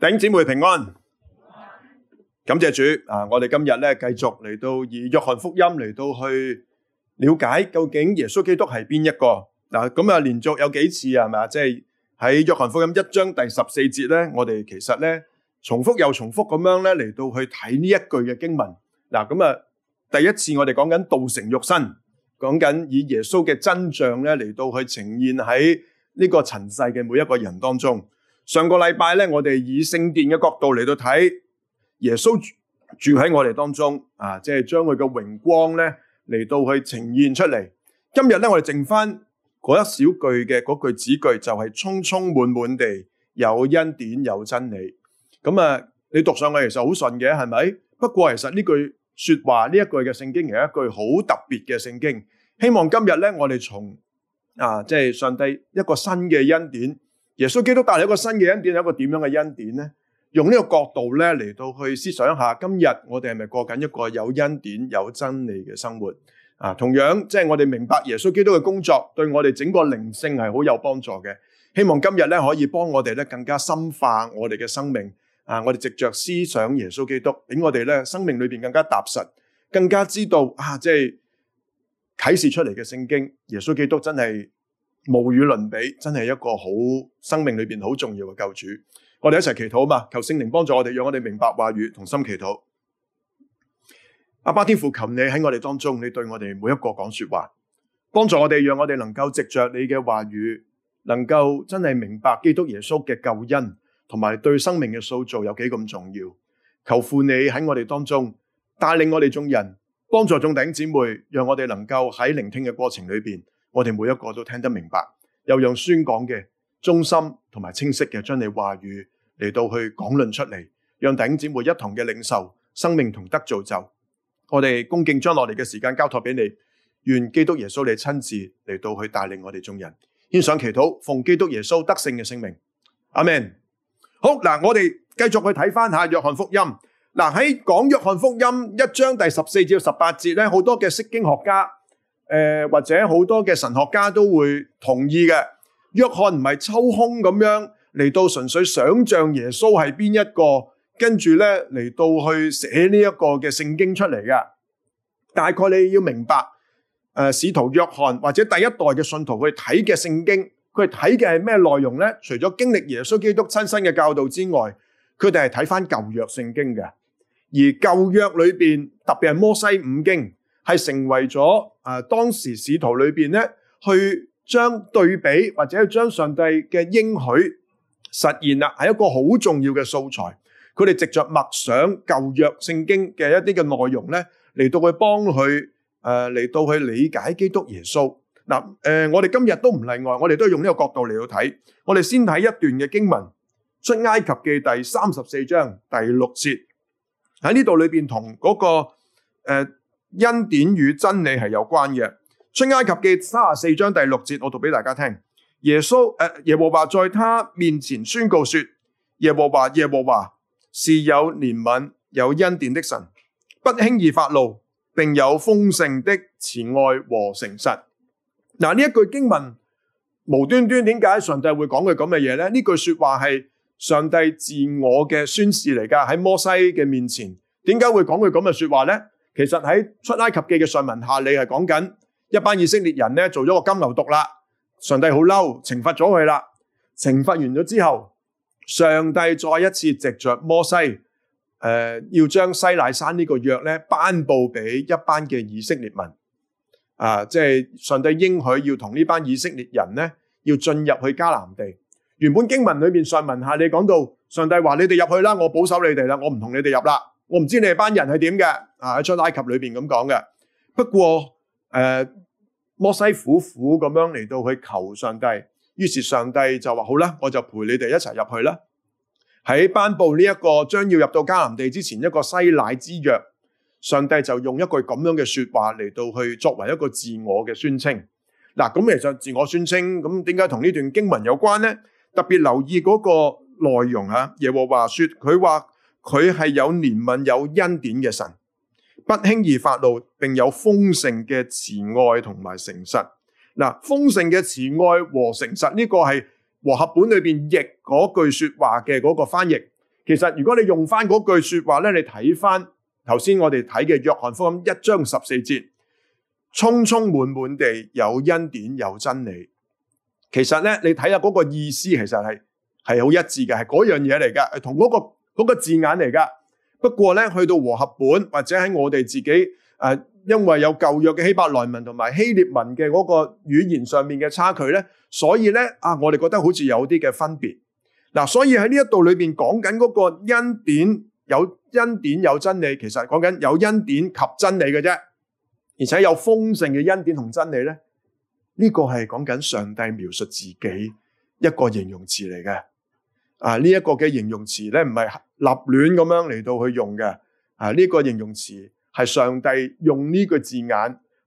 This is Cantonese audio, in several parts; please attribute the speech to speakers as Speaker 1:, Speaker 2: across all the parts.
Speaker 1: 頂姊妹平安，感謝主啊！我哋今日咧繼續嚟到以約翰福音嚟到去了解究竟耶穌基督係邊一個嗱，咁啊！連續有幾次係嘛？即係喺約翰福音一章第十四節咧，我哋其實咧重複又重複咁樣咧嚟到去睇呢一句嘅經文嗱，咁啊！第一次我哋講緊道成肉身，講緊以耶穌嘅真像咧嚟到去呈現喺呢個塵世嘅每一個人當中。上個禮拜咧，我哋以聖殿嘅角度嚟到睇耶穌住喺我哋當中啊，即係將佢嘅榮光咧嚟到去呈現出嚟。今日咧，我哋剩翻嗰一小句嘅嗰句子句，就係充充滿滿地有恩典有真理。咁啊，你讀上去其實好順嘅，係咪？不過其實呢句說話呢一句嘅聖經係一句好特別嘅聖經。希望今日咧，我哋從啊，即係上帝一個新嘅恩典。耶穌基督帶嚟一個新嘅恩典，係一個點樣嘅恩典呢？用呢個角度咧嚟到去思想一下，今日我哋係咪過緊一個有恩典、有真理嘅生活啊？同樣即係、就是、我哋明白耶穌基督嘅工作，對我哋整個靈性係好有幫助嘅。希望今日咧可以幫我哋咧更加深化我哋嘅生命啊！我哋藉著思想耶穌基督，令我哋咧生命裏面更加踏實，更加知道啊！即、就、係、是、啟示出嚟嘅聖經，耶穌基督真係。無與倫比，真係一個好生命裏邊好重要嘅救主。我哋一齊祈禱啊嘛，求聖靈幫助我哋，讓我哋明白話語同心祈禱。阿爸天父，求你喺我哋當中，你對我哋每一個講說話，幫助我哋，讓我哋能夠藉着你嘅話語，能夠真係明白基督耶穌嘅救恩，同埋對生命嘅塑造有幾咁重要。求父你喺我哋當中帶領我哋眾人，幫助眾弟兄姐妹，讓我哋能夠喺聆聽嘅過程裏邊。我哋每一個都聽得明白，又用宣講嘅忠心同埋清晰嘅將你的話語嚟到去講論出嚟，讓弟兄姊妹一同嘅領受、生命同德造就。我哋恭敬將落嚟嘅時間交託俾你，願基督耶穌你親自嚟到去帶領我哋眾人。獻上祈禱，奉基督耶穌得勝嘅聖名。阿門。好嗱，我哋繼續去睇返下約翰福音嗱，喺講約翰福音一章第十四至十八節呢，好多嘅釋經學家。誒、呃，或者好多嘅神學家都會同意嘅。約翰唔係抽空咁樣嚟到純粹想象耶穌係邊一個，跟住呢嚟到去寫呢一個嘅聖經出嚟嘅。大概你要明白，誒、呃，使徒約翰或者第一代嘅信徒去睇嘅聖經，佢睇嘅係咩內容呢？除咗經歷耶穌基督親身嘅教導之外，佢哋係睇翻舊約聖經嘅，而舊約裏邊特別係摩西五經。係成為咗啊，當時使徒裏邊咧，去將對比或者去將上帝嘅應許實現啦，係一個好重要嘅素材。佢哋藉著默想舊約聖經嘅一啲嘅內容咧，嚟到去幫佢誒，嚟到去理解基督耶穌嗱，誒，我哋今日都唔例外，我哋都係用呢個角度嚟到睇。我哋先睇一段嘅經文，出埃及嘅第三十四章第六節，喺呢度裏邊同嗰個誒。恩典與真理係有關嘅，《出埃及記》三十四章第六節，我讀俾大家聽。耶穌誒、呃，耶和華在他面前宣告說：耶和華耶和華是有憐憫、有恩典的神，不輕易發怒，並有豐盛的慈愛和誠實。嗱，呢一句經文無端端點解上帝會講佢咁嘅嘢咧？呢句說話係上帝自我嘅宣示嚟噶。喺摩西嘅面前，點解會講佢咁嘅說話咧？其實喺出埃及記嘅上文下理係講緊一班以色列人做咗個金牛犢啦，上帝好嬲，懲罰咗佢啦。懲罰完咗之後，上帝再一次藉着摩西，呃、要將西奈山呢個約咧頒布俾一班嘅以色列民，啊、呃，即係上帝應許要同呢班以色列人呢，要進入去迦南地。原本經文裏面上文下理講到，上帝話你哋入去啦，我保守你哋啦，我唔同你哋入啦。我唔知你哋班人係點嘅，啊，在出埃及裏邊咁講嘅。不過，誒、呃，摩西苦苦咁樣嚟到去求上帝，於是上帝就話好啦，我就陪你哋一齊入去啦。喺頒布呢一個將要入到迦南地之前一個西乃之約，上帝就用一句咁樣嘅說話嚟到去作為一個自我嘅宣稱。嗱、啊，咁其實自我宣稱咁，點解同呢段經文有關呢？特別留意嗰個內容啊。耶和華說，佢話。佢係有憐憫、有恩典嘅神，不輕易發怒，並有豐盛嘅慈愛同埋誠實。嗱，豐盛嘅慈愛和誠實呢、呃呢個係和合本裏邊譯嗰句說話嘅嗰個翻譯。其實如果你用翻嗰句說話咧，你睇翻頭先我哋睇嘅約翰福音一章十四節，充充滿滿地有恩典有真理。其實咧，你睇下嗰個意思，其實係係好一致嘅，係嗰樣嘢嚟嘅。同、嗰個。嗰個字眼嚟㗎，不過咧，去到和合本或者喺我哋自己誒、呃，因為有舊約嘅希伯來文同埋希臘文嘅嗰個語言上面嘅差距咧，所以咧啊，我哋覺得好似有啲嘅分別。嗱、啊，所以喺呢一度裏邊講緊嗰個恩典有恩典有真理，其實講緊有恩典及真理嘅啫，而且有豐盛嘅恩典同真理咧，呢、這個係講緊上帝描述自己一個形容詞嚟嘅。啊！呢、這、一個嘅形容詞咧，唔係立亂咁樣嚟到去用嘅。啊！呢、這個形容詞係上帝用呢個字眼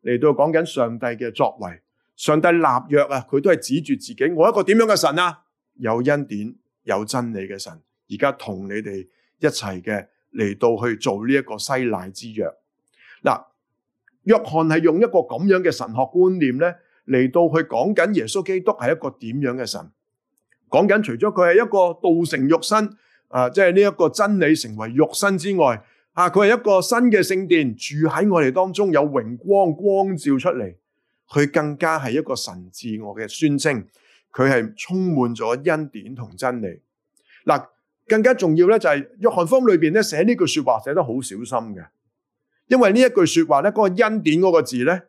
Speaker 1: 嚟到講緊上帝嘅作為。上帝立約啊，佢都係指住自己，我一個點樣嘅神啊？有恩典、有真理嘅神，而家同你哋一齊嘅嚟到去做呢一個西乃之約。嗱、啊，約翰係用一個咁樣嘅神學觀念咧，嚟到去講緊耶穌基督係一個點樣嘅神。講緊除咗佢係一個道成肉身，啊，即係呢一個真理成為肉身之外，啊，佢係一個新嘅聖殿住喺我哋當中，有榮光光照出嚟，佢更加係一個神自我嘅宣稱，佢係充滿咗恩典同真理。嗱、啊，更加重要咧就係約翰福音裏邊咧寫呢句說話寫得好小心嘅，因為呢一句說話咧嗰、嗰個恩典嗰個字咧。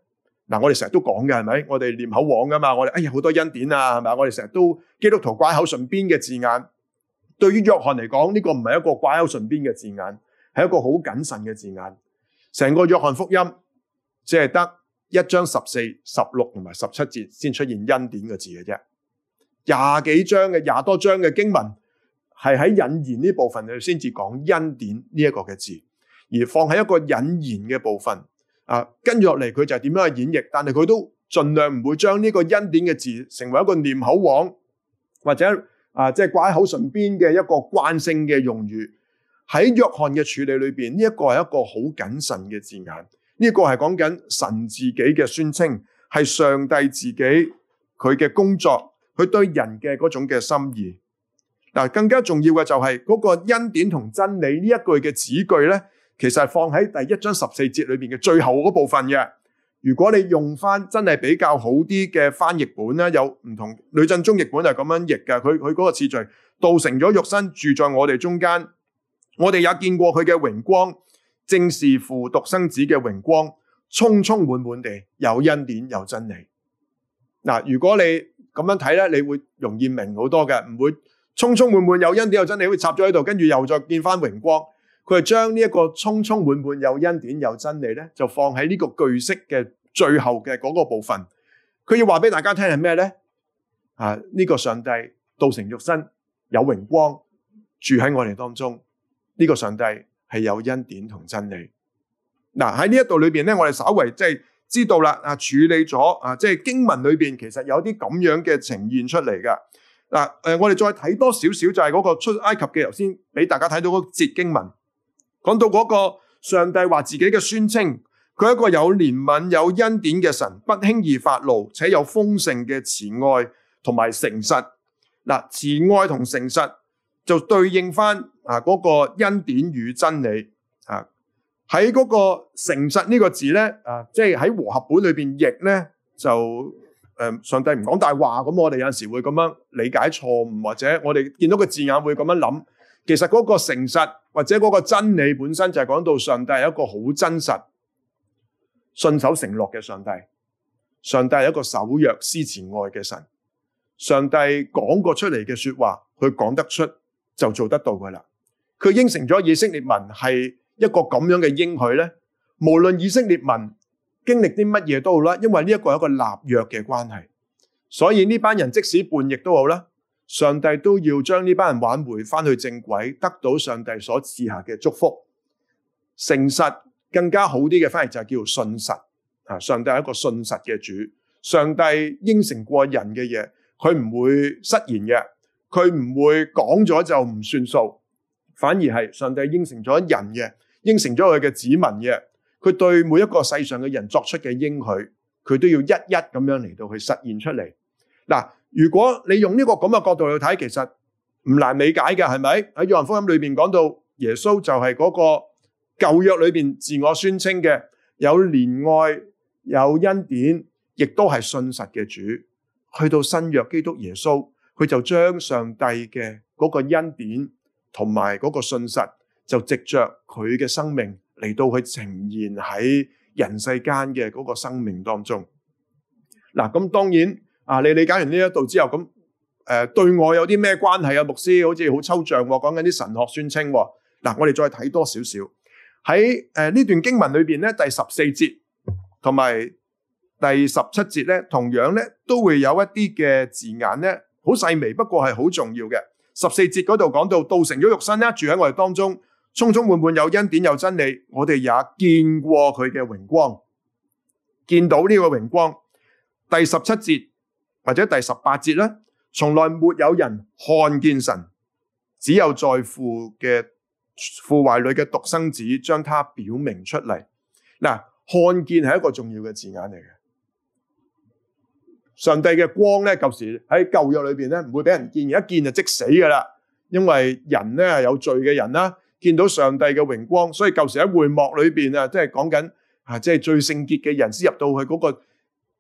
Speaker 1: 嗱、啊，我哋成日都講嘅係咪？我哋念口簧噶嘛？我哋哎呀，好多恩典啊，係咪？我哋成日都基督徒掛口唇邊嘅字眼，對於約翰嚟講呢個唔係一個掛口唇邊嘅字眼，係一個好謹慎嘅字眼。成個約翰福音只係得一章十四、十六同埋十七節先出現恩典嘅字嘅啫，廿幾章嘅廿多章嘅經文係喺引言呢部分你先至講恩典呢一個嘅字，而放喺一個引言嘅部分。啊，跟住落嚟佢就係點樣去演繹，但係佢都盡量唔會將呢個恩典嘅字成為一個念口簧，或者啊，即係掛喺口唇邊嘅一個慣性嘅用語。喺約翰嘅處理裏邊，呢、這個、一個係一個好謹慎嘅字眼，呢、這個係講緊神自己嘅宣稱，係上帝自己佢嘅工作，佢對人嘅嗰種嘅心意。嗱、啊，更加重要嘅就係嗰、那個恩典同真理呢一句嘅字句咧。其實放喺第一章十四節裏面嘅最後嗰部分嘅，如果你用翻真係比較好啲嘅翻譯本啦，有唔同呂振中譯本係咁樣譯嘅，佢佢嗰個次序，道成咗肉身住在我哋中間，我哋也見過佢嘅榮光，正是父獨生子嘅榮光，充充滿滿地有恩典有真理。嗱、呃，如果你咁樣睇呢，你會容易明好多嘅，唔會充充滿滿有恩典有真理會插咗喺度，跟住又再見翻榮光。佢係將呢一個充充滿滿有恩典有真理咧，就放喺呢個句式嘅最後嘅嗰個部分。佢要話俾大家聽係咩咧？啊，呢、這個上帝道成肉身，有榮光住喺我哋當中。呢、這個上帝係有恩典同真理。嗱、啊、喺呢一度裏邊咧，我哋稍為即係知道啦。啊，處理咗啊，即、就、係、是、經文裏邊其實有啲咁樣嘅呈現出嚟噶。嗱、啊，誒、呃，我哋再睇多少少就係嗰個出埃及嘅，頭先俾大家睇到嗰節經文。講到嗰個上帝話自己嘅宣稱，佢係一個有憐憫有恩典嘅神，不輕易發怒，且有豐盛嘅慈愛同埋誠實。嗱，慈愛同誠實就對應翻啊嗰個恩典與真理啊。喺嗰個誠實呢個字呢，啊，即係喺和合本裏邊譯呢，就誒、呃，上帝唔講大話，咁我哋有陣時會咁樣理解錯誤，或者我哋見到個字眼會咁樣諗。其實嗰個誠實或者嗰個真理本身就係講到上帝係一個好真實、信守承諾嘅上帝。上帝係一個守約、施慈愛嘅神。上帝講過出嚟嘅說話，佢講得出就做得到㗎喇。佢應承咗以色列民係一個咁樣嘅應許，呢，無論以色列民經歷啲乜嘢都好啦，因為呢一個係一個立約嘅關係。所以呢班人即使叛逆都好啦。上帝都要將呢班人挽回翻去正軌，得到上帝所賜下嘅祝福。誠實更加好啲嘅，翻譯就叫做信實啊！上帝係一個信實嘅主，上帝應承過人嘅嘢，佢唔會失言嘅，佢唔會講咗就唔算數，反而係上帝應承咗人嘅，應承咗佢嘅子民嘅，佢對每一個世上嘅人作出嘅應許，佢都要一一咁樣嚟到去實現出嚟嗱。如果你用呢個咁嘅角度去睇，其實唔難理解嘅，係咪？喺《約翰福音》裏邊講到，耶穌就係嗰個舊約裏邊自我宣稱嘅有憐愛、有恩典，亦都係信實嘅主。去到新約，基督耶穌，佢就將上帝嘅嗰個恩典同埋嗰個信實，就藉着佢嘅生命嚟到去呈現喺人世間嘅嗰個生命當中。嗱，咁當然。啊！你理解完呢一度之後，咁誒、呃、對我有啲咩關係啊？牧師好似好抽象喎、哦，講緊啲神學宣稱喎、哦。嗱，我哋再睇多少少喺誒呢段經文裏邊咧，第十四節同埋第十七節咧，同樣咧都會有一啲嘅字眼咧，好細微，不過係好重要嘅。十四節嗰度講到道成咗肉身咧，住喺我哋當中，充充滿滿有恩典有真理，我哋也見過佢嘅榮光，見到呢個榮光。第十七節。或者第十八節咧，從來沒有人看見神，只有在父嘅父懷裏嘅獨生子將他表明出嚟。嗱，看見係一個重要嘅字眼嚟嘅。上帝嘅光咧，舊時喺舊約裏邊咧，唔會俾人見，而一見就即死噶啦。因為人咧係有罪嘅人啦，見到上帝嘅榮光，所以舊時喺會幕裏邊啊，即係講緊啊，即係最聖潔嘅人先入到去嗰，那個。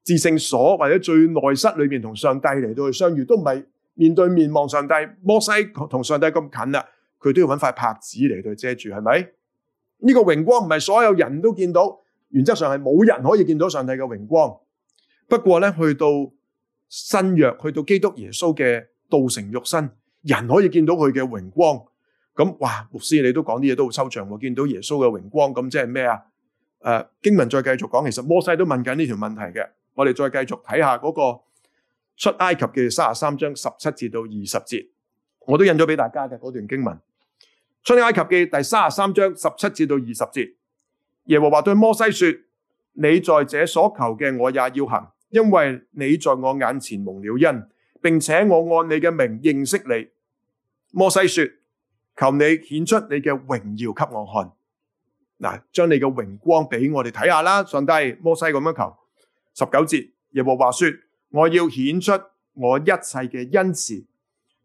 Speaker 1: 至聖所或者最內室裏面，同上帝嚟到去相遇，都唔係面對面望上帝。摩西同上帝咁近啦，佢都要揾塊帕子嚟到遮住，係咪？呢、這個榮光唔係所有人都見到，原則上係冇人可以見到上帝嘅榮光。不過咧，去到新約，去到基督耶穌嘅道成肉身，人可以見到佢嘅榮光。咁哇，牧師你都講啲嘢都好抽象，見到耶穌嘅榮光，咁即係咩啊？誒，經文再繼續講，其實摩西都問緊呢條問題嘅。我哋再繼續睇下嗰個出埃及嘅三十三章十七至到二十節，我都印咗俾大家嘅嗰段經文。出埃及記第三十三章十七至到二十節，耶和華對摩西說：你在這所求嘅我也要行，因為你在我眼前蒙了恩，並且我按你嘅名認識你。摩西說：求你顯出你嘅榮耀給我看，嗱，將你嘅榮光俾我哋睇下啦！上帝，摩西咁樣求。十九節，耶和華說：我要顯出我一切嘅恩慈，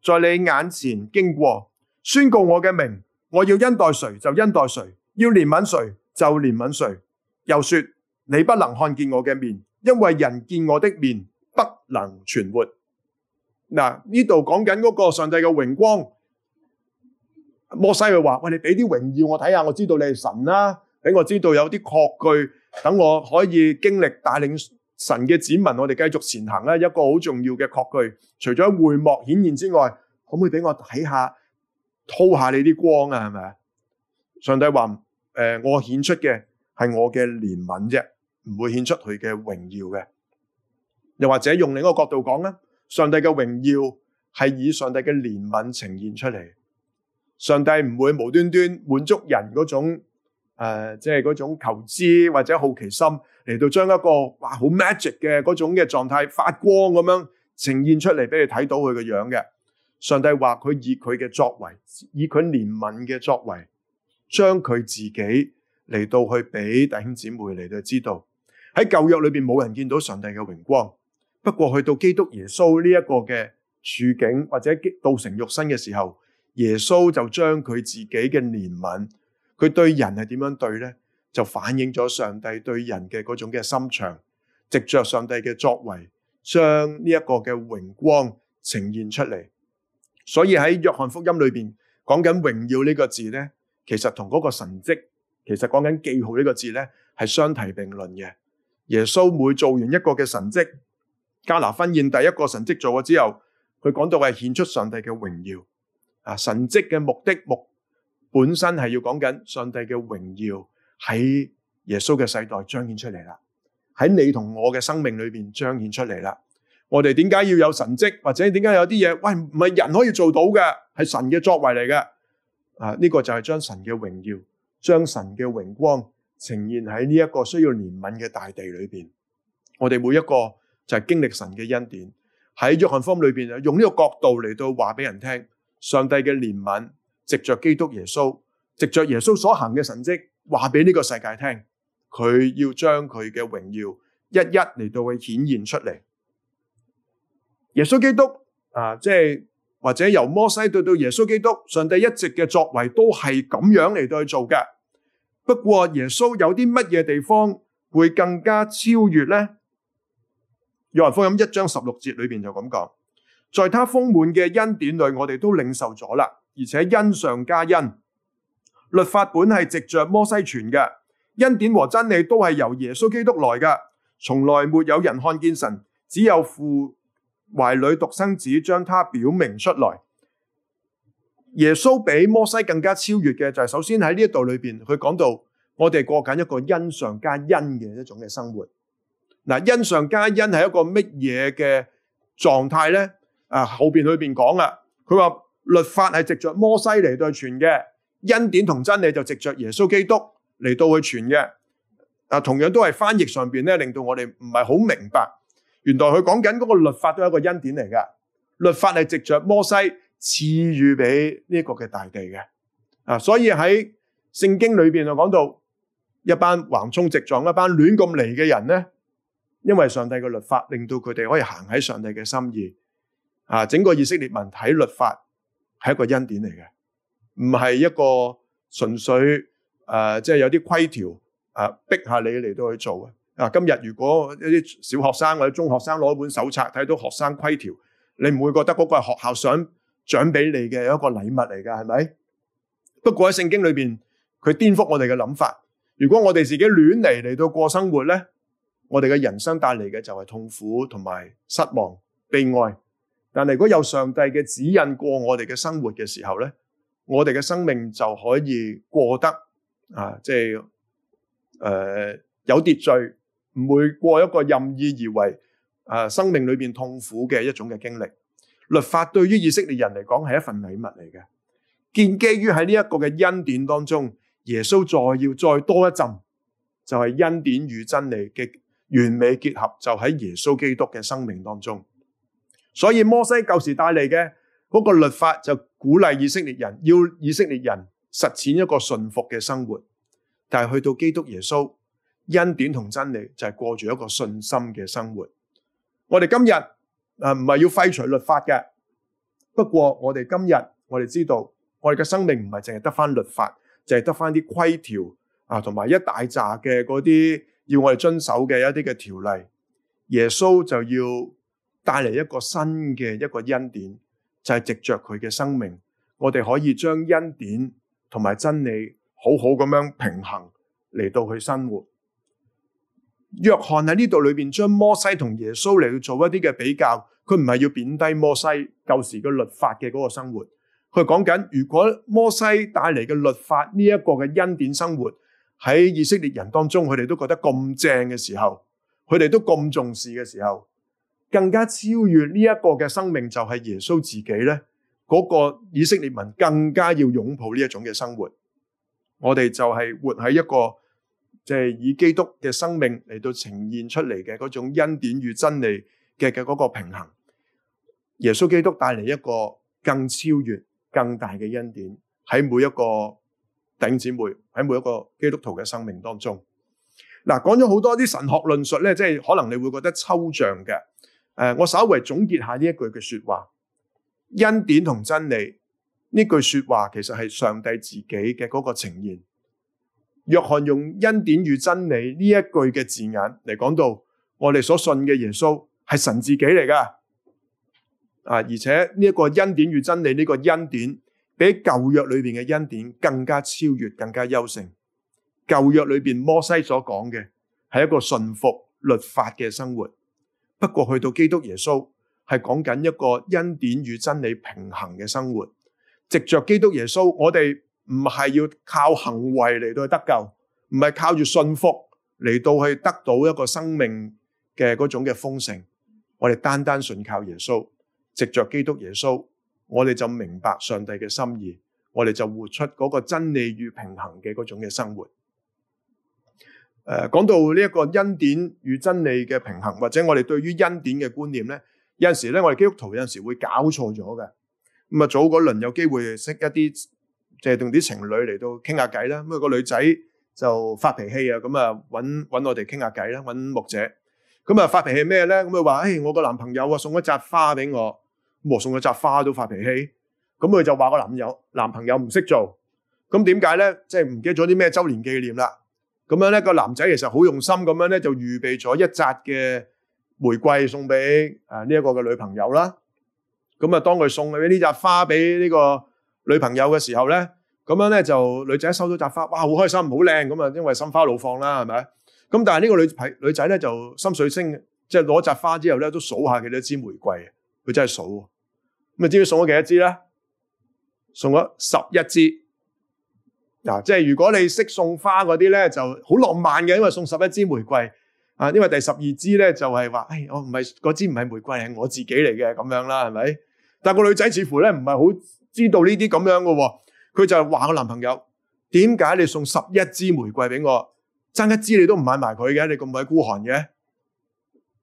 Speaker 1: 在你眼前經過，宣告我嘅名。我要恩待誰就恩待誰，要憐憫誰就憐憫誰。又說：你不能看見我嘅面，因為人見我的面不能存活。嗱，呢度講緊嗰個上帝嘅榮光。摩西就話：喂，你俾啲榮耀我睇下，我知道你係神啦，啊，俾我知道有啲確據，等我可以經歷帶領。神嘅子民，我哋繼續前行咧。一個好重要嘅確據，除咗會幕顯現之外，可唔可以俾我睇下，掏下你啲光啊？係咪？上帝話：誒、呃，我顯出嘅係我嘅憐憫啫，唔會顯出佢嘅榮耀嘅。又或者用另一個角度講咧，上帝嘅榮耀係以上帝嘅憐憫呈現出嚟。上帝唔會無端端滿足人嗰種。誒，即係嗰種求知或者好奇心嚟到，將一個哇好 magic 嘅嗰種嘅狀態發光咁樣呈現出嚟俾你睇到佢嘅樣嘅。上帝話佢以佢嘅作為，以佢憐憫嘅作為，將佢自己嚟到去俾弟兄姊妹嚟到知道。喺舊約裏邊冇人見到上帝嘅榮光，不過去到基督耶穌呢一個嘅處境或者激道成肉身嘅時候，耶穌就將佢自己嘅憐憫。佢對人係點樣對呢？就反映咗上帝對人嘅嗰種嘅心腸，藉著上帝嘅作為，將呢一個嘅榮光呈現出嚟。所以喺約翰福音裏邊講緊榮耀呢個字呢，其實同嗰個神蹟，其實講緊記號呢個字呢，係相提並論嘅。耶穌每做完一個嘅神蹟，迦拿婚宴第一個神蹟做咗之後，佢講到係顯出上帝嘅榮耀啊！神蹟嘅目的目。本身係要講緊上帝嘅榮耀喺耶穌嘅世代彰顯出嚟啦，喺你同我嘅生命裏邊彰顯出嚟啦。我哋點解要有神蹟，或者點解有啲嘢？喂，唔係人可以做到嘅，係神嘅作為嚟嘅。啊，呢個就係將神嘅榮耀、將神嘅榮光呈現喺呢一個需要憐憫嘅大地裏邊。我哋每一個就係經歷神嘅恩典。喺約翰福音裏邊啊，用呢個角度嚟到話俾人聽上帝嘅憐憫。藉着基督耶穌，藉着耶穌所行嘅神迹，話俾呢個世界聽，佢要將佢嘅榮耀一一嚟到去顯現出嚟。耶穌基督啊，即係或者由摩西到到耶穌基督，上帝一直嘅作為都係咁樣嚟到去做嘅。不過耶穌有啲乜嘢地方會更加超越呢？約翰福音一章十六節裏邊就咁講：在祂豐滿嘅恩典裏，我哋都領受咗啦。而且恩上加恩，律法本係藉著摩西傳嘅，恩典和真理都係由耶穌基督來嘅，從來沒有人看見神，只有父懷裡獨生子將他表明出來。耶穌比摩西更加超越嘅就係，首先喺呢一度裡邊，佢講到我哋過緊一個恩上加恩嘅一種嘅生活。嗱，恩上加恩係一個乜嘢嘅狀態呢？啊，後邊裏邊講啦，佢話。律法係藉着摩西嚟到去傳嘅，恩典同真理就藉着耶穌基督嚟到去傳嘅。啊，同樣都係翻譯上邊咧，令到我哋唔係好明白。原來佢講緊嗰個律法都係一個恩典嚟嘅。律法係藉着摩西賜予畀呢個嘅大地嘅。啊，所以喺聖經裏邊就講到，一班橫衝直撞、一班亂咁嚟嘅人咧，因為上帝嘅律法令到佢哋可以行喺上帝嘅心意。啊，整個以色列文睇律法。係一個恩典嚟嘅，唔係一個純粹誒，即、呃、係、就是、有啲規條誒，逼下你嚟到去做嘅。啊，今日如果一啲小學生或者中學生攞一本手冊睇到學生規條，你唔會覺得嗰個係學校想獎俾你嘅一個禮物嚟㗎？係咪？不過喺聖經裏面，佢顛覆我哋嘅諗法。如果我哋自己亂嚟嚟到過生活呢，我哋嘅人生帶嚟嘅就係痛苦同埋失望、悲哀。但係，如果有上帝嘅指引過我哋嘅生活嘅時候咧，我哋嘅生命就可以過得啊，即係誒有秩序，唔會過一個任意而為啊，生命裏邊痛苦嘅一種嘅經歷。律法對於以色列人嚟講，係一份禮物嚟嘅，建基於喺呢一個嘅恩典當中。耶穌再要再多一浸，就係恩典與真理嘅完美結合，就喺耶穌基督嘅生命當中。所以摩西舊時帶嚟嘅嗰個律法就鼓勵以色列人，要以色列人實踐一個信服嘅生活。但係去到基督耶穌恩典同真理，就係過住一個信心嘅生活。我哋今日啊，唔係要廢除律法嘅。不過我哋今日我哋知道，我哋嘅生命唔係淨係得翻律法，淨係得翻啲規條啊，同埋一大扎嘅嗰啲要我哋遵守嘅一啲嘅條例。耶穌就要。帶嚟一個新嘅一個恩典，就係藉着佢嘅生命，我哋可以將恩典同埋真理好好咁樣平衡嚟到去生活。約翰喺呢度裏邊將摩西同耶穌嚟去做一啲嘅比較，佢唔係要貶低摩西舊時嘅律法嘅嗰個生活，佢講緊如果摩西帶嚟嘅律法呢一個嘅恩典生活喺以色列人當中，佢哋都覺得咁正嘅時候，佢哋都咁重視嘅時候，更加超越呢一個嘅生命就係耶穌自己呢，嗰個以色列民更加要擁抱呢一種嘅生活。我哋就係活喺一個即係以基督嘅生命嚟到呈現出嚟嘅嗰種恩典與真理嘅嘅嗰個平衡。耶穌基督帶嚟一個更超越、更大嘅恩典，喺每一個弟兄姊妹喺每一個基督徒嘅生命當中。嗱，講咗好多啲神學論述呢，即係可能你會覺得抽象嘅。誒，我稍微總結下呢一句嘅說話，恩典同真理呢句說話，其實係上帝自己嘅嗰個呈現。約翰用恩典與真理呢一句嘅字眼嚟講到，我哋所信嘅耶穌係神自己嚟噶，啊！而且呢一個恩典與真理呢個恩典，比舊約裏邊嘅恩典更加超越，更加優勝。舊約裏邊摩西所講嘅係一個信服律法嘅生活。不過去到基督耶穌，係講緊一個恩典與真理平衡嘅生活。藉着基督耶穌，我哋唔係要靠行為嚟到去得救，唔係靠住信服嚟到去得到一個生命嘅嗰種嘅豐盛。我哋單單信靠耶穌，藉着基督耶穌，我哋就明白上帝嘅心意，我哋就活出嗰個真理與平衡嘅嗰種嘅生活。誒講到呢一個恩典與真理嘅平衡，或者我哋對於恩典嘅觀念咧，有陣時咧，我哋基督徒有陣時會搞錯咗嘅。咁啊，早嗰輪有機會識一啲，即係同啲情侶嚟到傾下偈啦。咁啊，個女仔就發脾氣啊，咁啊揾揾我哋傾下偈啦，揾牧者。咁啊，發脾氣咩咧？咁佢話：「誒、欸，我個男朋友啊，送咗扎花俾我，我送咗扎花都發脾氣。咁佢就話：個男友男朋友唔識做，咁點解咧？即係唔記得咗啲咩周年紀念啦。咁樣咧，個男仔其實好用心咁樣咧，就預備咗一紮嘅玫瑰送俾誒呢一個嘅女朋友啦。咁啊，當佢送俾呢扎花俾呢個女朋友嘅時候咧，咁樣咧就女仔收到紮花，哇，好開心，好靚，咁啊，因為心花怒放啦，係咪？咁但係呢個女女仔咧就心水清，即係攞紮花之後咧都數下幾多支玫瑰，佢真係數。咁啊，知佢送咗幾多支咧？送咗十一支。嗱，即係如果你識送花嗰啲咧，就好浪漫嘅，因為送十一支玫瑰啊，因為第十二支咧就係話，誒，我唔係嗰枝唔係玫瑰，係我自己嚟嘅，咁樣啦，係咪？但個女仔似乎咧唔係好知道呢啲咁樣噶，佢就話個男朋友，點解你送十一支玫瑰俾我？爭一支你都唔買埋佢嘅，你咁鬼孤寒嘅？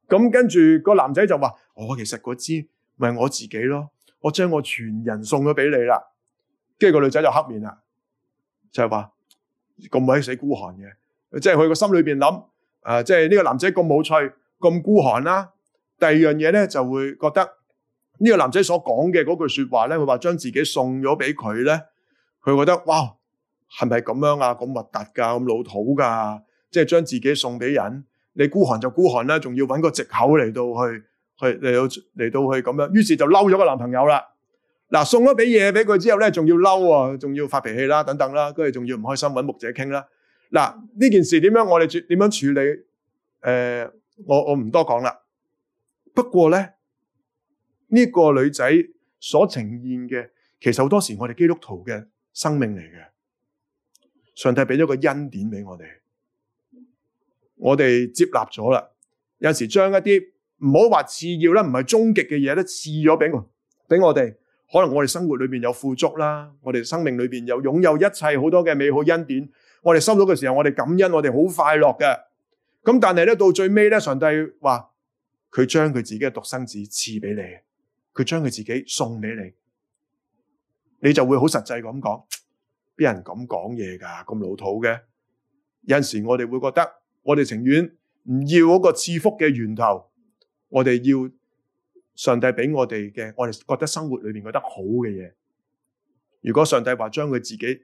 Speaker 1: 咁跟住個男仔就話，我其實嗰枝咪我自己咯，我將我全人送咗俾你啦。跟住個女仔就黑面啦。就係話咁鬼死孤寒嘅，即係佢個心裏邊諗，誒、呃，即係呢個男仔咁冇趣、咁孤寒啦。第二樣嘢咧就會覺得呢、呢個男仔所講嘅嗰句説話咧，佢話將自己送咗俾佢咧，佢覺得哇，係咪咁樣啊？咁核突㗎，咁老土㗎，即係將自己送俾人，你孤寒就孤寒啦，仲要揾個藉口嚟到去去嚟到嚟到去咁樣，於是就嬲咗個男朋友啦。送咗俾嘢俾佢之後咧，仲要嬲啊，仲要發脾氣啦，等等啦，跟住仲要唔開心，搵牧者傾啦。嗱，呢件事點樣我哋點樣處理？呃、我我唔多講啦。不過咧，呢、這個女仔所呈現嘅，其實好多時我哋基督徒嘅生命嚟嘅。上帝俾咗個恩典俾我哋，我哋接納咗啦。有時將一啲唔好話次要咧，唔係終極嘅嘢咧，賜咗俾我們，俾我哋。可能我哋生活裏邊有富足啦，我哋生命裏邊有擁有一切好多嘅美好恩典，我哋收到嘅時候，我哋感恩，我哋好快樂嘅。咁但係咧，到最尾咧，上帝話佢將佢自己嘅獨生子賜俾你，佢將佢自己送俾你，你就會好實際咁講。邊人敢講嘢噶？咁老土嘅。有陣時我哋會覺得，我哋情願唔要嗰個賜福嘅源頭，我哋要。上帝俾我哋嘅，我哋覺得生活裏面覺得好嘅嘢。如果上帝話將佢自己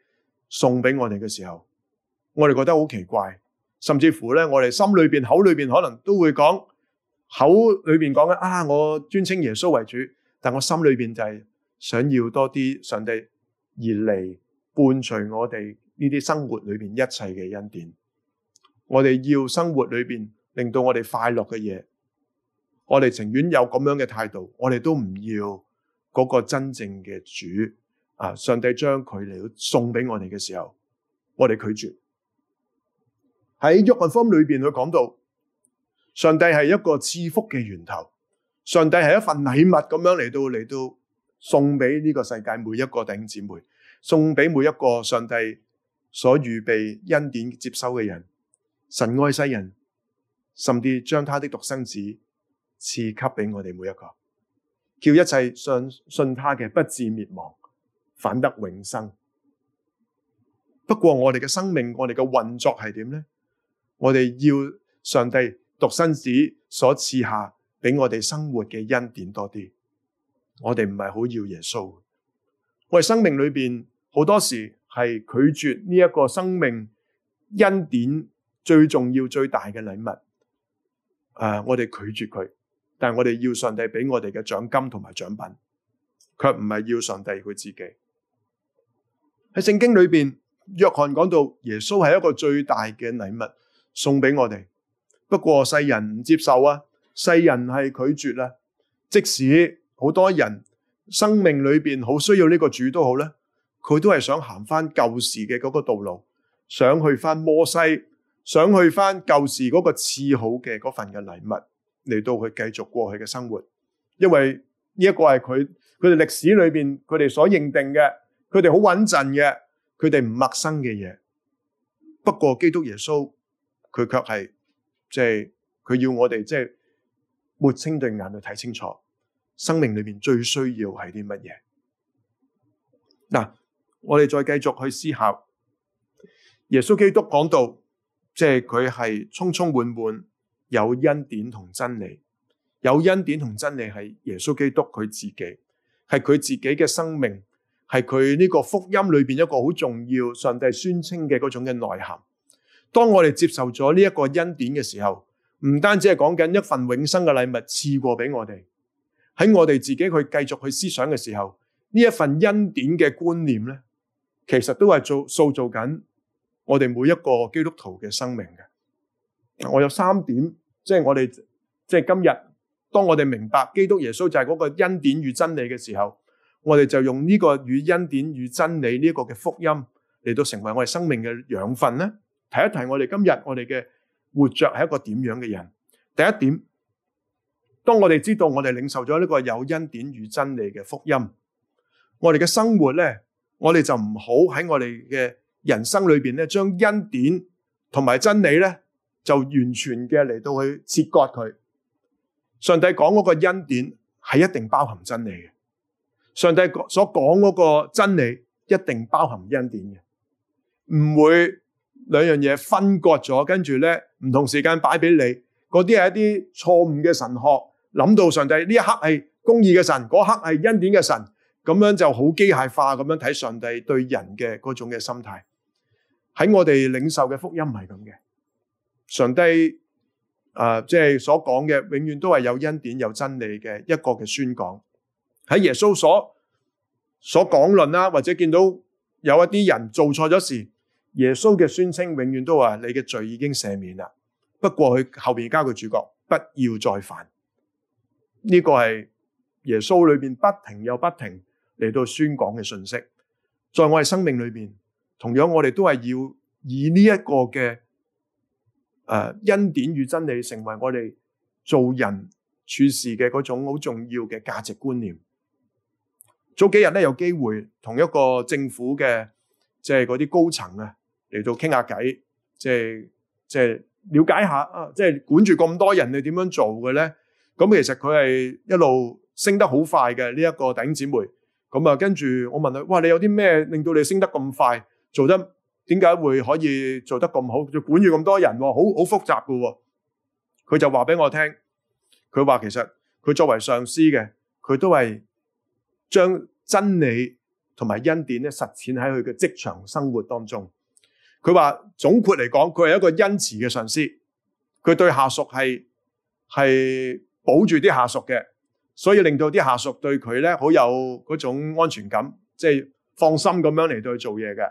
Speaker 1: 送俾我哋嘅時候，我哋覺得好奇怪，甚至乎呢，我哋心裏面、口裏面可能都會講，口裏面講嘅啊！我尊稱耶穌為主，但我心裏面就係想要多啲上帝而嚟伴隨我哋呢啲生活裏面一切嘅恩典。我哋要生活裏面令到我哋快樂嘅嘢。我哋情願有咁樣嘅態度，我哋都唔要嗰個真正嘅主啊！上帝將佢嚟到送俾我哋嘅時候，我哋拒絕。喺約翰福音裏邊佢講到，上帝係一個賜福嘅源頭，上帝係一份禮物咁樣嚟到嚟到送俾呢個世界每一個弟兄姊妹，送俾每一個上帝所預備恩典接收嘅人。神愛世人，甚至將他的獨生子。賜給俾我哋每一個，叫一切信信他嘅，不至滅亡，反得永生。不過我哋嘅生命，我哋嘅運作係點呢？我哋要上帝獨生子所賜下俾我哋生活嘅恩典多啲，我哋唔係好要耶穌。我哋生命裏邊好多時係拒絕呢一個生命恩典最重要、最大嘅禮物。誒、啊，我哋拒絕佢。但係我哋要上帝俾我哋嘅獎金同埋獎品，卻唔係要上帝佢自己。喺聖經裏邊，約翰講到耶穌係一個最大嘅禮物送俾我哋，不過世人唔接受啊，世人係拒絕啦、啊。即使好多人生命裏邊好需要呢個主好都好啦，佢都係想行翻舊時嘅嗰個道路，想去翻摩西，想去翻舊時嗰個次好嘅嗰份嘅禮物。嚟到去繼續過去嘅生活，因為呢一個係佢佢哋歷史裏邊佢哋所認定嘅，佢哋好穩陣嘅，佢哋唔陌生嘅嘢。不過基督耶穌佢卻係即係佢要我哋即係抹清對眼去睇清楚，生命裏邊最需要係啲乜嘢？嗱，我哋再繼續去思考，耶穌基督講到，即係佢係充充滿滿。有恩典同真理，有恩典同真理係耶穌基督佢自己，係佢自己嘅生命，係佢呢個福音裏邊一個好重要、上帝宣稱嘅嗰種嘅內涵。當我哋接受咗呢一個恩典嘅時候，唔單止係講緊一份永生嘅禮物賜過俾我哋，喺我哋自己去繼續去思想嘅時候，呢一份恩典嘅觀念咧，其實都係做塑造緊我哋每一個基督徒嘅生命嘅。我有三點。即係我哋，即係今日，當我哋明白基督耶穌就係嗰個恩典與真理嘅時候，我哋就用呢個與恩典與真理呢一個嘅福音嚟到成為我哋生命嘅養分咧。提一提我哋今日我哋嘅活着係一個點樣嘅人？第一點，當我哋知道我哋領受咗呢個有恩典與真理嘅福音，我哋嘅生活咧，我哋就唔好喺我哋嘅人生裏邊咧，將恩典同埋真理咧。就完全嘅嚟到去切割佢。上帝講嗰個恩典係一定包含真理嘅。上帝所講嗰個真理一定包含恩典嘅，唔會兩樣嘢分割咗，跟住咧，唔同時間擺俾你嗰啲係一啲錯誤嘅神學。諗到上帝呢一刻係公義嘅神，嗰刻係恩典嘅神，咁樣就好機械化咁樣睇上帝對人嘅嗰種嘅心態。喺我哋領受嘅福音係咁嘅。上帝啊，即係所講嘅，永遠都係有恩典、有真理嘅一個嘅宣講。喺耶穌所所講論啦，或者見到有一啲人做錯咗事，耶穌嘅宣稱永遠都話：你嘅罪已經赦免啦。不過佢後面加個主角，不要再犯。呢個係耶穌裏邊不停又不停嚟到宣講嘅信息。在我哋生命裏邊，同樣我哋都係要以呢一個嘅。誒，恩典與真理成為我哋做人處事嘅嗰種好重要嘅價值觀念。早幾日咧，有機會同一個政府嘅即係嗰啲高層啊嚟到傾下偈，即係即係了解下啊，即係管住咁多人你點樣做嘅咧？咁其實佢係一路升得好快嘅呢一個弟兄姊妹。咁啊，跟住我問佢：哇，你有啲咩令到你升得咁快，做得？點解會可以做得咁好？管住咁多人喎，好好複雜噶喎。佢就話俾我聽，佢話其實佢作為上司嘅，佢都係將真理同埋恩典咧實踐喺佢嘅職場生活當中。佢話總括嚟講，佢係一個恩慈嘅上司，佢對下屬係係保住啲下屬嘅，所以令到啲下屬對佢咧好有嗰種安全感，即係放心咁樣嚟到去做嘢嘅。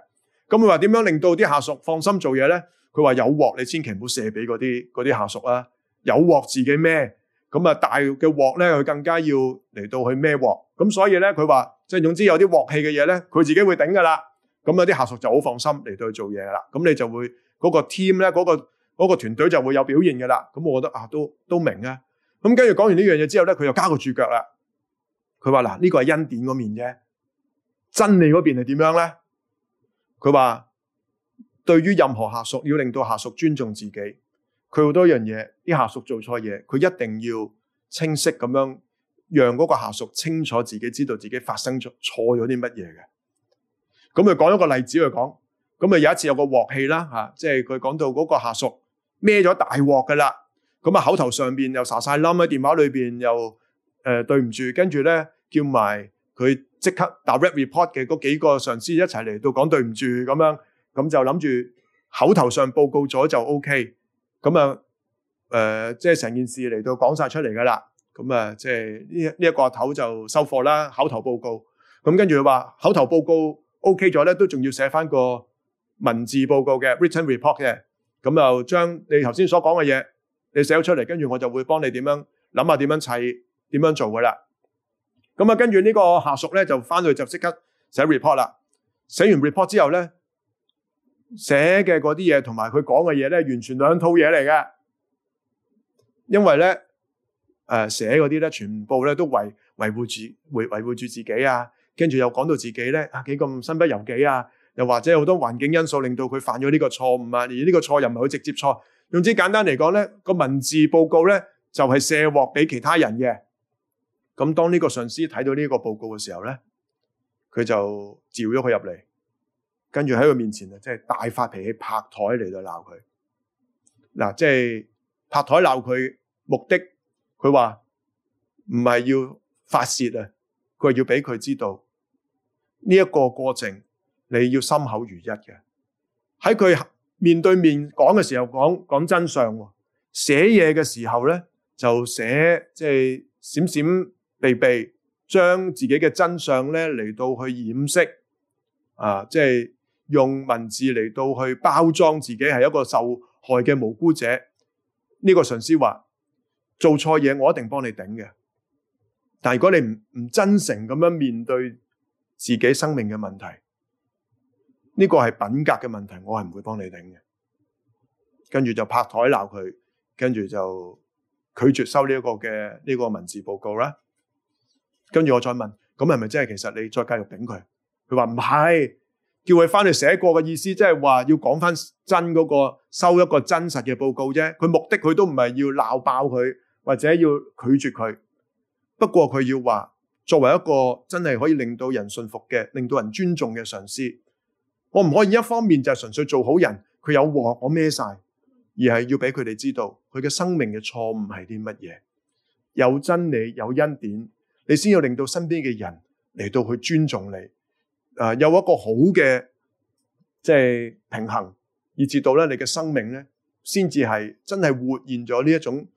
Speaker 1: 咁佢話點樣令到啲下屬放心做嘢咧？佢話有鑊你千祈唔好射俾嗰啲嗰啲下屬啊！有鑊自己孭。咁啊，大嘅鑊咧，佢更加要嚟到去孭鑊。咁所以咧，佢話即係總之有啲鑊氣嘅嘢咧，佢自己會頂噶啦。咁啊，啲下屬就好放心嚟到去做嘢啦。咁你就會嗰個 team 咧，嗰個嗰個團隊就會有表現嘅啦。咁我覺得啊，都都明啊。咁跟住講完呢樣嘢之後咧，佢又加個注腳啦。佢話嗱，呢個係恩典嗰面啫，真理嗰邊係點樣咧？佢話：對於任何下屬，要令到下屬尊重自己。佢好多樣嘢，啲下屬做錯嘢，佢一定要清晰咁樣，讓嗰個下屬清楚自己知道自己發生咗錯咗啲乜嘢嘅。咁佢講一個例子佢講。咁咪有一次有個鑊氣啦嚇，即係佢講到嗰個下屬孭咗大鑊噶啦。咁啊，口頭上邊又撒晒，冧喺電話裏邊又誒、呃、對唔住，跟住咧叫埋。佢即刻 direct report 嘅嗰幾個上司一齊嚟到講對唔住咁樣，咁就諗住口頭上報告咗就 OK，咁啊誒，即係成件事嚟到講晒出嚟㗎啦。咁啊，即係呢呢一個頭就收貨啦，口頭報告。咁跟住佢話口頭報告 OK 咗咧，都仲要寫翻個文字報告嘅 written report 嘅。咁又將你頭先所講嘅嘢，你寫咗出嚟，跟住我就會幫你點樣諗下點樣砌點樣做㗎啦。跟住呢個下屬咧就翻去就即刻寫 report 啦。寫完 report 之後咧，寫嘅嗰啲嘢同埋佢講嘅嘢咧，完全兩套嘢嚟嘅。因為咧，誒寫嗰啲咧，全部咧都維維護住維維護住自己啊。跟住又講到自己咧，啊幾咁身不由己啊。又或者好多環境因素令到佢犯咗呢個錯誤啊。而呢個錯又唔係好直接錯。總之簡單嚟講咧，個文字報告咧就係卸鑊俾其他人嘅。咁當呢個上司睇到呢個報告嘅時候咧，佢就召咗佢入嚟，跟住喺佢面前啊，即係大發脾氣拍台嚟就鬧佢。嗱，即係拍台鬧佢目的，佢話唔係要發洩啊，佢係要俾佢知道呢一個過程你要心口如一嘅。喺佢面對面講嘅時候講講真相，寫嘢嘅時候咧就寫即係閃閃。避避，將自己嘅真相呢嚟，到去掩飾，啊，即係用文字嚟到去包裝自己係一個受害嘅無辜者。呢個上司話，做錯嘢，我一定幫你頂嘅。但如果你唔唔真誠咁樣面對自己生命嘅問題，呢個係品格嘅問題，我係唔會幫你頂嘅。跟住就拍台鬧佢，跟住就拒絕收呢一個嘅呢個文字報告啦。跟住我再問，咁係咪真係其實你再繼續頂佢？佢話唔係，叫佢翻去寫過嘅意思說說、那個，即係話要講翻真嗰個收一個真實嘅報告啫。佢目的佢都唔係要鬧爆佢或者要拒絕佢，不過佢要話作為一個真係可以令到人信服嘅、令到人尊重嘅上司，我唔可以一方面就係純粹做好人，佢有鑊我孭晒，而係要俾佢哋知道佢嘅生命嘅錯誤係啲乜嘢，有真理有恩典。你先要令到身邊嘅人嚟到去尊重你，啊，有一個好嘅即係平衡，以至到咧你嘅生命咧先至係真係活現咗呢一種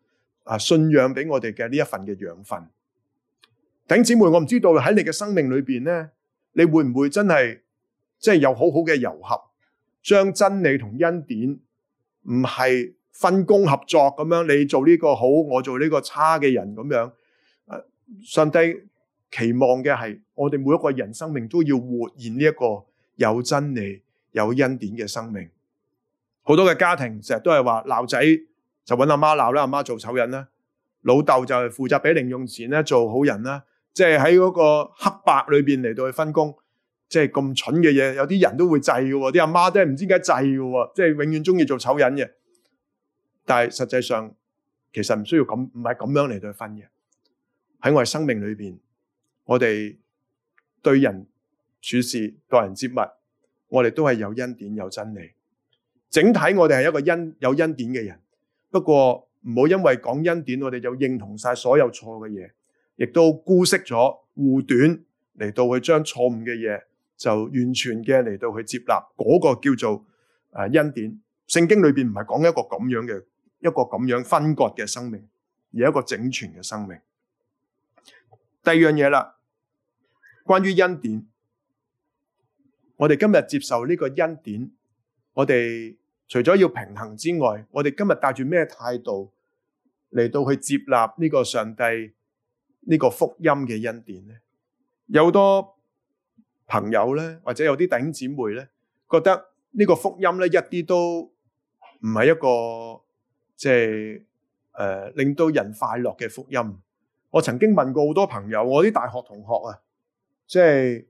Speaker 1: 啊信仰俾我哋嘅呢一份嘅養分。頂姊妹，我唔知道喺你嘅生命裏邊咧，你會唔會真係即係有好好嘅糅合，將真理同恩典唔係分工合作咁樣，你做呢個好，我做呢個差嘅人咁樣。上帝期望嘅係，我哋每一個人生命都要活現呢一個有真理、有恩典嘅生命。好多嘅家庭成日都係話鬧仔就搵阿媽鬧啦，阿媽做醜人啦，老豆就係負責俾零用錢咧做好人啦，即係喺嗰個黑白裏邊嚟到去分工，即係咁蠢嘅嘢，有啲人都會制噶，啲阿媽真係唔知點解制噶，即係永遠中意做醜人嘅。但係實際上其實唔需要咁，唔係咁樣嚟到去分嘅。喺我哋生命裏面，我哋對人處事待人接物，我哋都係有恩典有真理。整體我哋係一個恩有恩典嘅人。不過唔好因為講恩典，我哋就認同晒所有錯嘅嘢，亦都姑息咗護短嚟到去將錯誤嘅嘢就完全嘅嚟到去接納。嗰、那個叫做誒、啊、恩典。聖經裏面唔係講一個咁樣嘅一個咁樣分割嘅生命，而係一個整全嘅生命。第二樣嘢啦，關於恩典，我哋今日接受呢個恩典，我哋除咗要平衡之外，我哋今日帶住咩態度嚟到去接納呢個上帝呢個福音嘅恩典咧？有好多朋友咧，或者有啲弟兄姊妹咧，覺得呢個福音咧一啲都唔係一個，即係誒令到人快樂嘅福音。我曾經問過好多朋友，我啲大學同學啊，即係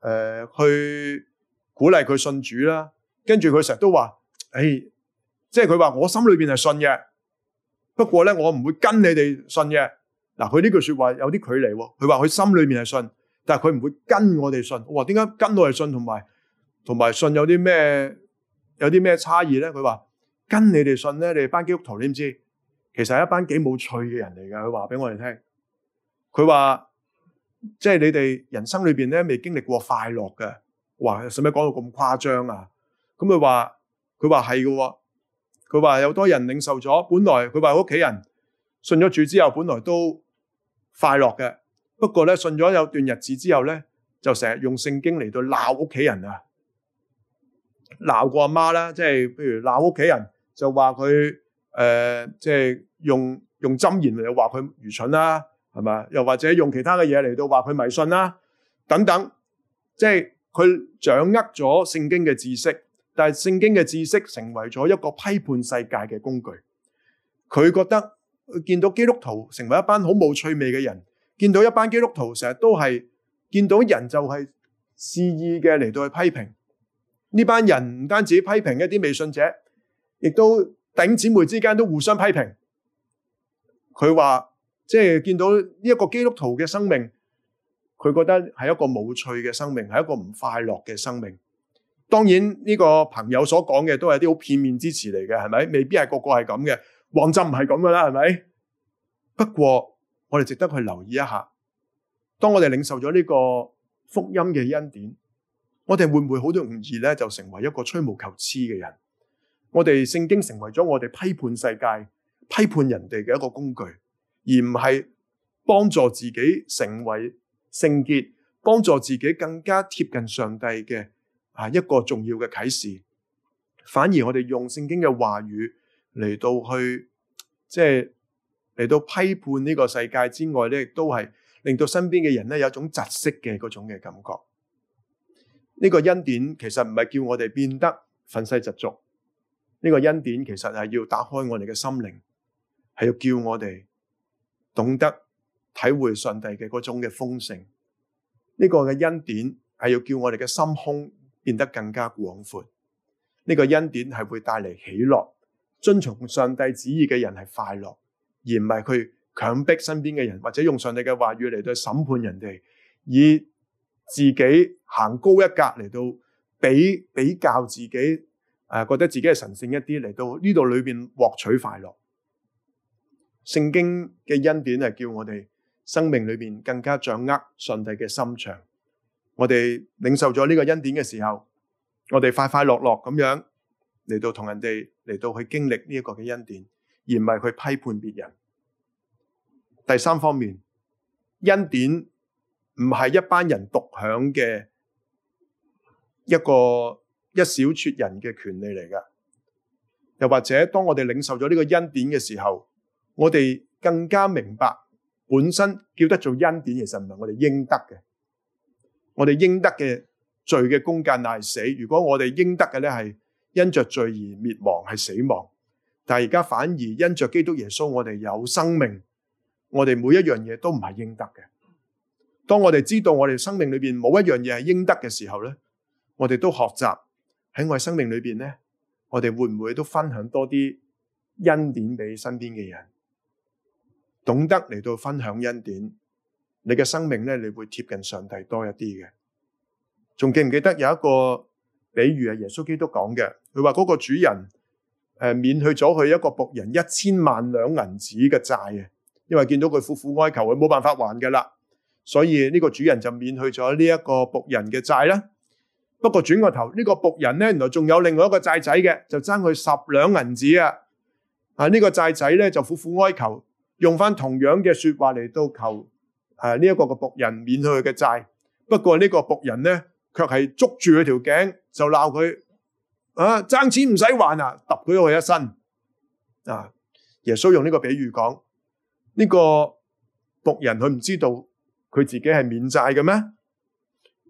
Speaker 1: 誒去鼓勵佢信主啦，跟住佢成日都話，誒、哎，即係佢話我心裏邊係信嘅，不過咧我唔會跟你哋信嘅。嗱，佢呢句説話有啲距離喎。佢話佢心裏面係信，但係佢唔會跟我哋信。我、哦、哇，點解跟我哋信同埋同埋信有啲咩有啲咩差異咧？佢話跟你哋信咧，你哋班基督徒你唔知，其實係一班幾冇趣嘅人嚟㗎。佢話俾我哋聽。佢話即係你哋人生裏面咧未經歷過快樂嘅，話使乜講到咁誇張啊？咁佢話佢話係嘅，佢話、哦、有多人領受咗，本來佢話屋企人信咗主之後本來都快樂嘅，不過咧信咗有段日子之後咧，就成日用聖經嚟到鬧屋企人啊，鬧過阿媽啦，即係譬如鬧屋企人就話佢即係用用箴言嚟話佢愚蠢啦、啊。係嘛？又或者用其他嘅嘢嚟到話佢迷信啦、啊，等等，即係佢掌握咗聖經嘅知識，但係聖經嘅知識成為咗一個批判世界嘅工具。佢覺得見到基督徒成為一班好冇趣味嘅人，見到一班基督徒成日都係見到人就係肆意嘅嚟到去批評呢班人，唔單止批評一啲未信者，亦都頂姊妹之間都互相批評。佢話。即係見到呢一個基督徒嘅生命，佢覺得係一個無趣嘅生命，係一個唔快樂嘅生命。當然呢個朋友所講嘅都係啲好片面之詞嚟嘅，係咪？未必係個個係咁嘅。王振唔係咁噶啦，係咪？不過我哋值得去留意一下，當我哋領受咗呢個福音嘅恩典，我哋會唔會好容易咧就成為一個吹毛求疵嘅人？我哋聖經成為咗我哋批判世界、批判人哋嘅一個工具。而唔係幫助自己成為聖潔，幫助自己更加貼近上帝嘅啊一個重要嘅啟示。反而我哋用聖經嘅話語嚟到去，即係嚟到批判呢個世界之外咧，亦都係令到身邊嘅人咧有一種窒息嘅嗰種嘅感覺。呢個恩典其實唔係叫我哋變得憤世嫉俗。呢個恩典其實係要打開我哋嘅心靈，係要叫我哋，懂得體會上帝嘅嗰種嘅豐盛，呢個嘅恩典係要叫我哋嘅心胸變得更加廣闊。呢個恩典係會帶嚟喜樂，遵從上帝旨意嘅人係快樂，而唔係佢強迫身邊嘅人，或者用上帝嘅話語嚟到審判人哋，以自己行高一格嚟到比比較自己，誒，覺得自己係神聖一啲嚟到呢度裏邊獲取快樂。聖經嘅恩典係叫我哋生命裏面更加掌握上帝嘅心腸。我哋領受咗呢個恩典嘅時候，我哋快快樂樂咁樣嚟到同人哋嚟到去經歷呢一個嘅恩典，而唔係去批判別人。第三方面，恩典唔係一班人獨享嘅一個一小撮人嘅權利嚟㗎。又或者當我哋領受咗呢個恩典嘅時候，我哋更加明白，本身叫得做恩典，其實唔係我哋應得嘅，我哋應得嘅罪嘅工價係死。如果我哋應得嘅咧係因着罪而滅亡，係死亡。但係而家反而因着基督耶穌，我哋有生命。我哋每一樣嘢都唔係應得嘅。當我哋知道我哋生命裏邊冇一樣嘢係應得嘅時候咧，我哋都學習喺我哋生命裏邊咧，我哋會唔會都分享多啲恩典俾身邊嘅人？懂得嚟到分享恩典，你嘅生命咧，你會貼近上帝多一啲嘅。仲記唔記得有一個比喻係耶穌基督講嘅？佢話嗰個主人誒，免去咗佢一個僕人一千萬兩銀紙嘅債啊，因為見到佢苦苦哀求，佢冇辦法還噶啦，所以呢個主人就免去咗呢一個僕人嘅債啦。不過轉個頭，呢個僕人咧，原來仲有另外一個債仔嘅，就爭佢十兩銀紙啊！啊，呢個債仔咧就苦苦哀求。用翻同樣嘅説話嚟到求誒，呢一個嘅僕人免去佢嘅債，不過呢個僕人咧卻係捉住佢條頸就鬧佢啊！爭錢唔使還啊！揼佢我一身啊！耶穌用呢個比喻講呢個僕人，佢唔知道佢自己係免債嘅咩？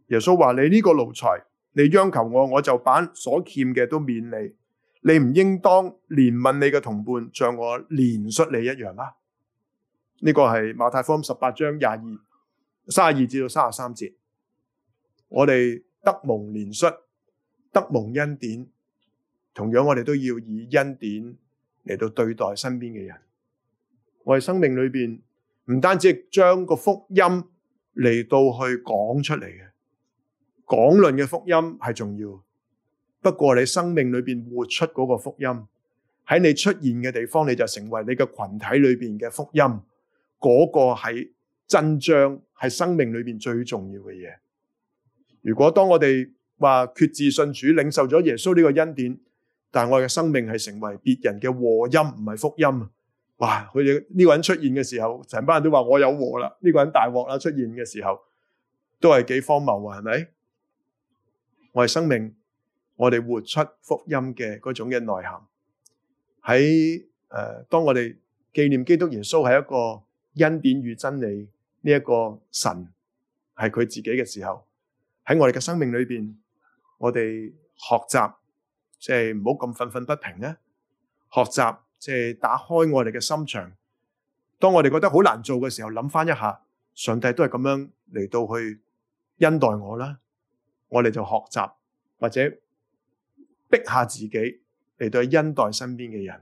Speaker 1: 耶穌話：你呢個奴才，你央求我，我就把所欠嘅都免你。你唔應當憐憫你嘅同伴，像我憐恤你一樣啦。呢個係馬太福音十八章廿二、三十二至到三十三節。我哋得蒙憐恤，得蒙恩典。同樣，我哋都要以恩典嚟到對待身邊嘅人。我哋生命裏邊唔單止係將個福音嚟到去講出嚟嘅講論嘅福音係重要。不過你生命裏邊活出嗰個福音，喺你出現嘅地方，你就成為你嘅群體裏邊嘅福音。嗰個係真章，係生命裏邊最重要嘅嘢。如果當我哋話決志信主、領受咗耶穌呢個恩典，但係我嘅生命係成為別人嘅禍音，唔係福音。哇！佢哋呢個人出現嘅時候，成班人都話我有禍啦，呢、這個人大禍啦。出現嘅時候都係幾荒謬啊？係咪？我係生命，我哋活出福音嘅嗰種嘅內涵。喺誒、呃，當我哋紀念基督耶穌係一個。恩典與真理呢一、這個神係佢自己嘅時候，喺我哋嘅生命裏邊，我哋學習即係唔好咁憤憤不平咧。學習即係、就是、打開我哋嘅心腸。當我哋覺得好難做嘅時候，諗翻一下，上帝都係咁樣嚟到去恩待我啦。我哋就學習或者逼下自己嚟到去恩待身邊嘅人。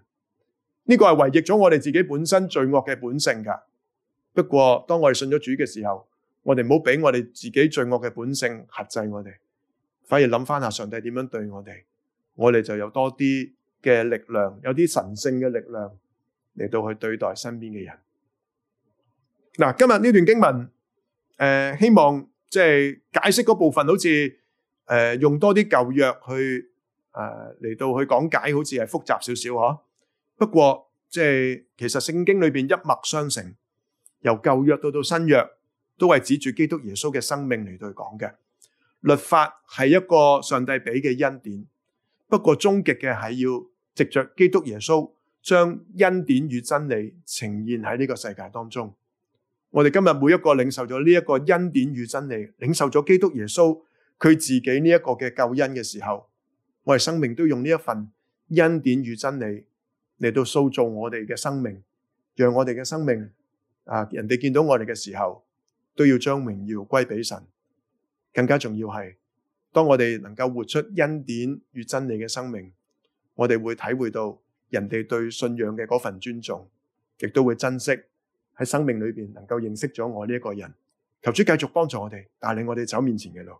Speaker 1: 呢、這個係遺逆咗我哋自己本身罪惡嘅本性噶。不過，當我哋信咗主嘅時候，我哋唔好俾我哋自己罪惡嘅本性限制我哋，反而諗翻下上帝點樣對我哋，我哋就有多啲嘅力量，有啲神聖嘅力量嚟到去對待身邊嘅人。嗱、啊，今日呢段經文，誒、呃，希望即係解釋嗰部分，好似誒、呃、用多啲舊約去誒嚟、呃、到去講解，好似係複雜少少嗬。不過即係、就是、其實聖經裏邊一脈相承。由舊約到到新約，都係指住基督耶穌嘅生命嚟對講嘅。律法係一個上帝俾嘅恩典，不過終極嘅係要藉着基督耶穌將恩典與真理呈現喺呢個世界當中。我哋今日每一個領受咗呢一個恩典與真理，領受咗基督耶穌佢自己呢一個嘅救恩嘅時候，我哋生命都用呢一份恩典與真理嚟到塑造我哋嘅生命，讓我哋嘅生命。啊！人哋見到我哋嘅時候，都要將榮耀歸俾神。更加重要係，當我哋能夠活出恩典與真理嘅生命，我哋會體會到人哋對信仰嘅嗰份尊重，亦都會珍惜喺生命裏面能夠認識咗我呢一個人。求主繼續幫助我哋，帶領我哋走面前嘅路。